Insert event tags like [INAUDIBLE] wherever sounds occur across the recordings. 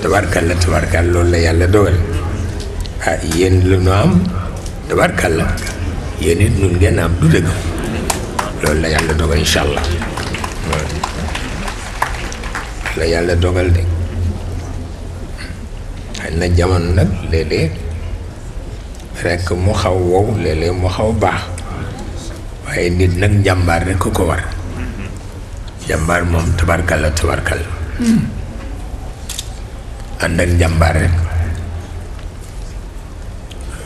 tabarkal la tabarkal loolu la yàlla dogal ah yéen lu nu am tabarkal la yéen it nun ngeen am du dëgg loolu la yàlla dogal incha allah la yàlla dogal de xëy na jamono nag léeg rekk mu xaw wow léeg mu xaw baax waaye nit nag njàmbaar rekk ko war njàmbaar moom tabarkal la tabarkal ànd ak njàmbaar rek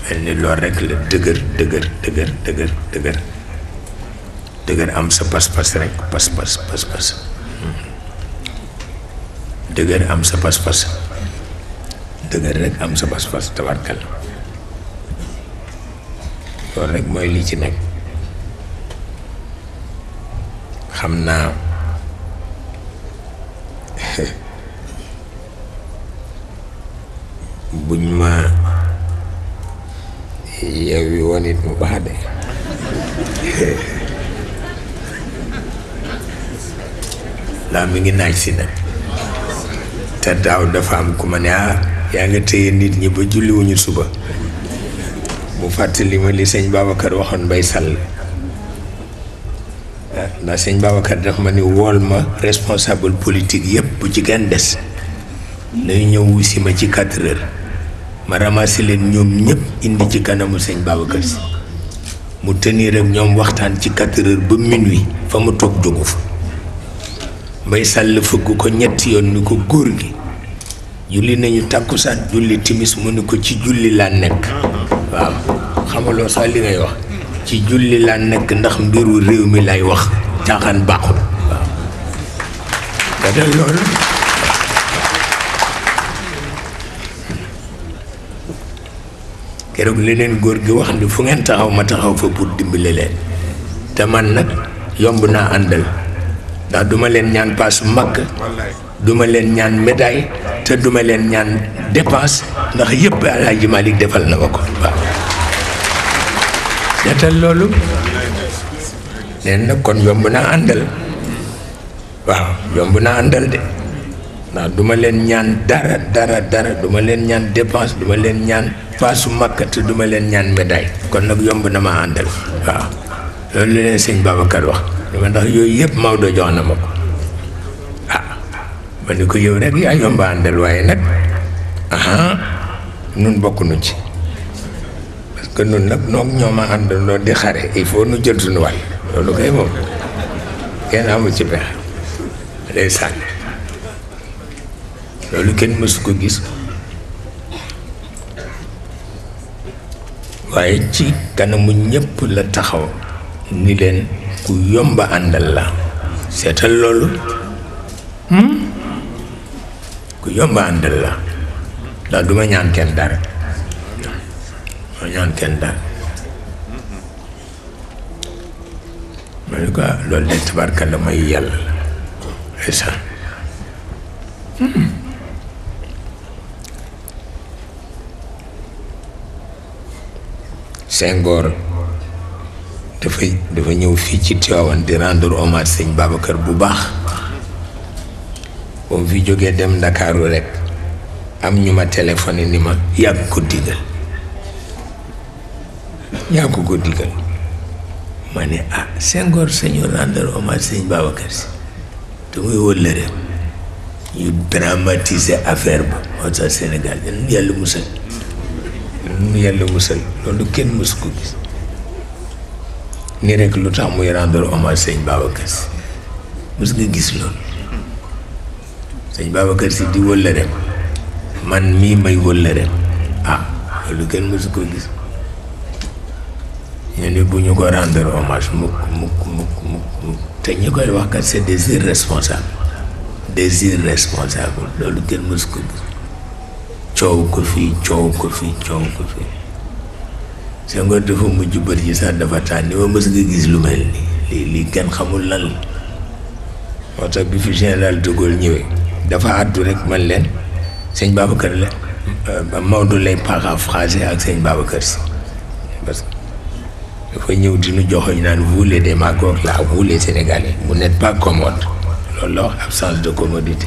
mel ni lool rek la dëgër dëgër dëgër dëgër dëgër dëgër am sa pas-pas rek pas-pas pas-pas dëgër am sa pas-pas dëgër rek am sa pas-pas tabarkal loolu rek mooy lii ci nekk xam naa buñ ma yow yi wonit mu baax de [LAUGHS] laa mi ngi naaj ci nak ta daw dafa am kuma ne ah yaa nga téye nit ñi ba wuñu suba mu fatali ma li sëñ babakar waxon bay sal ah, na sëñ babakar dafa ma ni wol ma responsable politique yep bu ci gën dess lay ñëw wusi ma ci 4 heures ma ramassé leen ñoom ñëpp indi ci kanamu sëñ Babacar si mu tenir ñoom waxtaan ci quatre heures ba minuit fa mu toog jógu fa mbay sàll fëgg ko ñetti yoon ni ko góor gi julli nañu tàkkusaan julli timis mu ni ko ci julli laa nekk waaw xamaloo sax li ngay wax ci julli laa nekk ndax mbiru réew mi lay wax caaxaan baaxul waaw keroog leneen góor gi wax ni fu ngeen taxaw ma taxaw fa pour dimbale leen te man nag yomb naa àndal ndax duma leen ñaan paas màkk duma leen ñaan médaille te duma leen ñaan depaas ndax yëpp Alaaji Malick defal na ma ko waaw detal loolu neen nag kon yomb naa àndal waaw yomb naa àndal de waaw duma leen ñaan dara dara dara duma leen ñaan dépense du ma leen ñaan paasu Makka te duma leen ñaan médaille kon nag yomb na ma àndal waaw loolu leen sëñ Babacar wax dama ndax yooyu yëpp Maodo jox na ma ko ah ma ni ko yow rek nag ah nun bokkuñu ci parce que nun nag noog ñoo ma àndandoo di xare il faut nu jël suñu wàll loolu kay moom kenn amu ci pexe loolu kenn mësu ko gis waaye ci kanamu ñépp la taxaw ni leen ku yomba àndal la seetal loolu hmm? ku yomba àndal la ndax duma ñaan kenn dara duma ñaan kenn dara ah, loolu de tabarka la yàlla la Senghor dafa dafa ñëw fii ci Tivaouane di rendre hommage sëñ Babacar bu baax boobu fi jógee dem Ndakaaru rek am ñu ma téléphoné ni ma yaa ko digal yaa ko ko ma ne ah Senghor sañu rendre hommage sëñ Babacar si te muy wëllëre ñu dramatiser affaire ba moo tax Sénégal yàlla musal nu yàlla wusal loolu kenn mësu ko gis ni rekk lu tax muy rendre hommage sëñ Babacar Si mës nga gis loolu sëñ Babacar Si di wëllëreem man mii may wëllëreem ah loolu kenn mësu ko gis ñu ne bu ñu ko rendre hommage mukk mukk mukk mukk te ñu koy wax kat c'est des irresponsables des irresponsables loolu kenn mësu ko gis coow ko fii coow ko fii coow ko mujj bët yi sax dafa taan ni ma mës nga gis lu mel nii lii kenn xamul lan la moo tax bi fi général de Gaulle ñëwee dafa àddu rek man leen sëñ Babacar la Maodo lay paraphrasé ak sëñ Babacar si que dafa ñëw dinu joxoñ naan vous les démagogues là vous les Sénégalais vous pas commode loolu la absence de commodité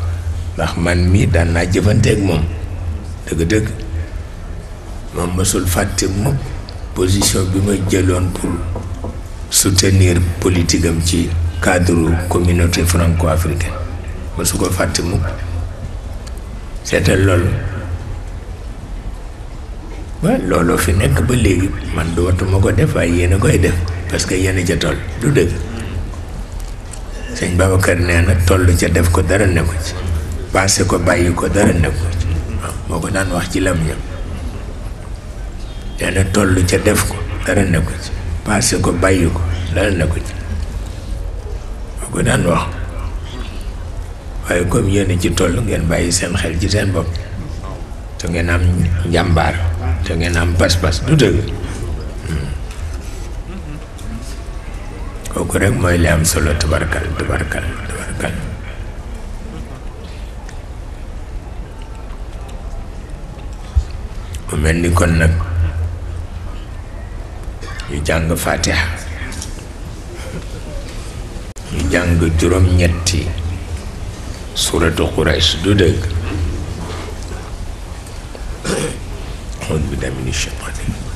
ndax man mii daan naa jëfanteeg moom dëgg-dëgg moom mësul fàtte mukk position bi ma jëloon pour soutenir politique ci cadre communauté franco-africaine mësu ko fàtte mukk seetal loolu waaw looloo fi nekk ba léegi man du ma ko def waaye yéen koy def parce que yéen a ca toll du dëgg sëñ Babacar nee na toll ca def ko dara ne ko ci paase ko bàyyi ko dara nëbb waaw moo ko daan wax ci lam ñam nee na ca def ko dara nëbb ci paase ko bàyyi ko dara nëbb ci moo ko daan wax waaye comme yéen ci toll ngeen bàyyi seen xel ci seen bopp te ngeen am njàmbaar te ngeen am pas-pas du dëgg hmm. kooku rek mooy li am solo tabarkal tabarkal tabarkal mu mel ni kon nag yu jàng fatiha ñu jàng juróom-ñetti suratu Quraysh du dëgg أعوذ بالله من الشيطان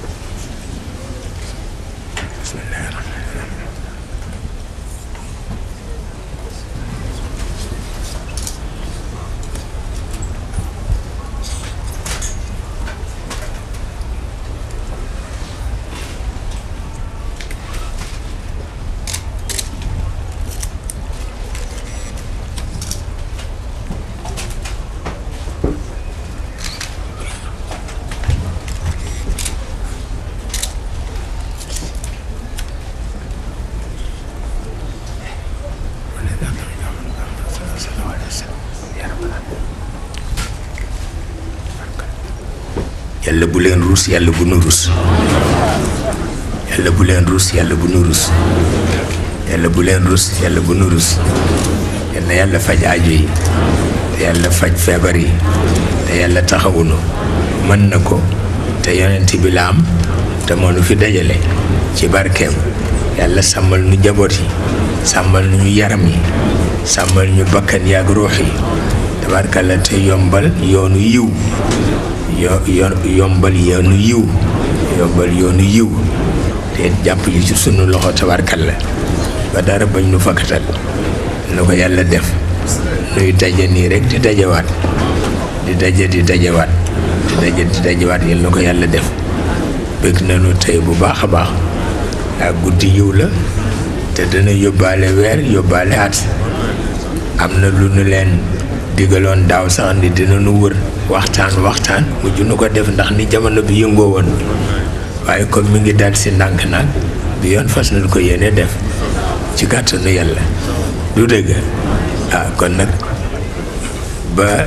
yàlla bu leen rus yàlla bu nu rus yàlla bu leen rus yàlla bu nu rus yàlla yàlla faj aajo yi te yàlla faj feebar yi te yàlla taxawunu mën na ko te yonent bi am te moo fi dajale ci barkeem yàlla sàmmal nu jaboot yi sàmmal nu ñu yaram yi sàmmal ñu bakkan yaag ruux yi tabarkalla te yombal yoonu yiw yo yombal yoonu yiw yombal yoonu yiw te jàpp yi ci sunu loxo tabarkal la ba dara bañ nu fakkatal na ko yàlla def nuy daje nii rek di dajewaat di daje di dajewaat di daje di dajewaat yal ko yàlla def bëgg nañu tey bu baax a baax ak guddi yiw la te dana yóbbaale weer yóbbaale at am na lu nu leen digaloon daaw sax ni dina nu wër waxtaan waxtaan mujj nu ko def ndax ni jamono bi yëngoo woon waaye comme mi ngi dal si ndànk nag bi yoon fas lu ko yéene def ci kàttanu yàlla du dëgg ah kon nag ba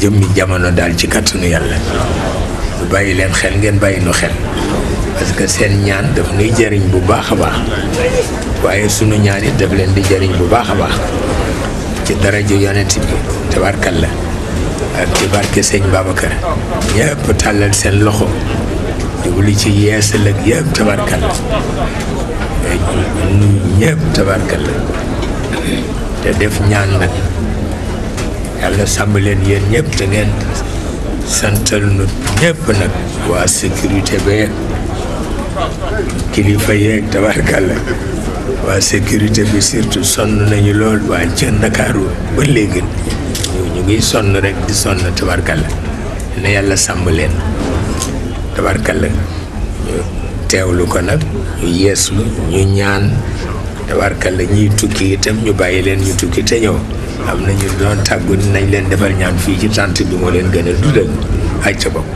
jëmmi jamono daal ci kàttanu yàlla lu bàyyi leen xel ngeen bàyyi nu xel parce que seen ñaan daf nuy jëriñ bu baax a baax waaye sunu ñaan it daf leen di jëriñ bu baax a baax ci daraja yonent bi tabarkalla ak ci barke sëñ Babacar tàllal seen loxo jublu ci yeesal ak yëpp tabarkalla ñëpp tabarkalla te def ñaan nag yàlla sàmm leen yéen ñëpp te ngeen santal nu ñëpp nag waa sécurité ba yeeg kilifa yeeg tabarkalla waa sécurité bi surtout sonn nañu lool waa ca Ndakaaru ba léegi ñu ngi sonn rek di sonn tabarkalla na yàlla sàmb leen tabarkalla ñu teewlu ko nag ñu yeeslu ñu ñaan tabarkalla ñuy tukki itam ñu bàyyi leen ñu tukki te ñëw am na ñu doon tàggu nañ leen defal ñaan fii ci tànt bi moo leen gën a dudal acca bopp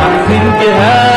I think you have.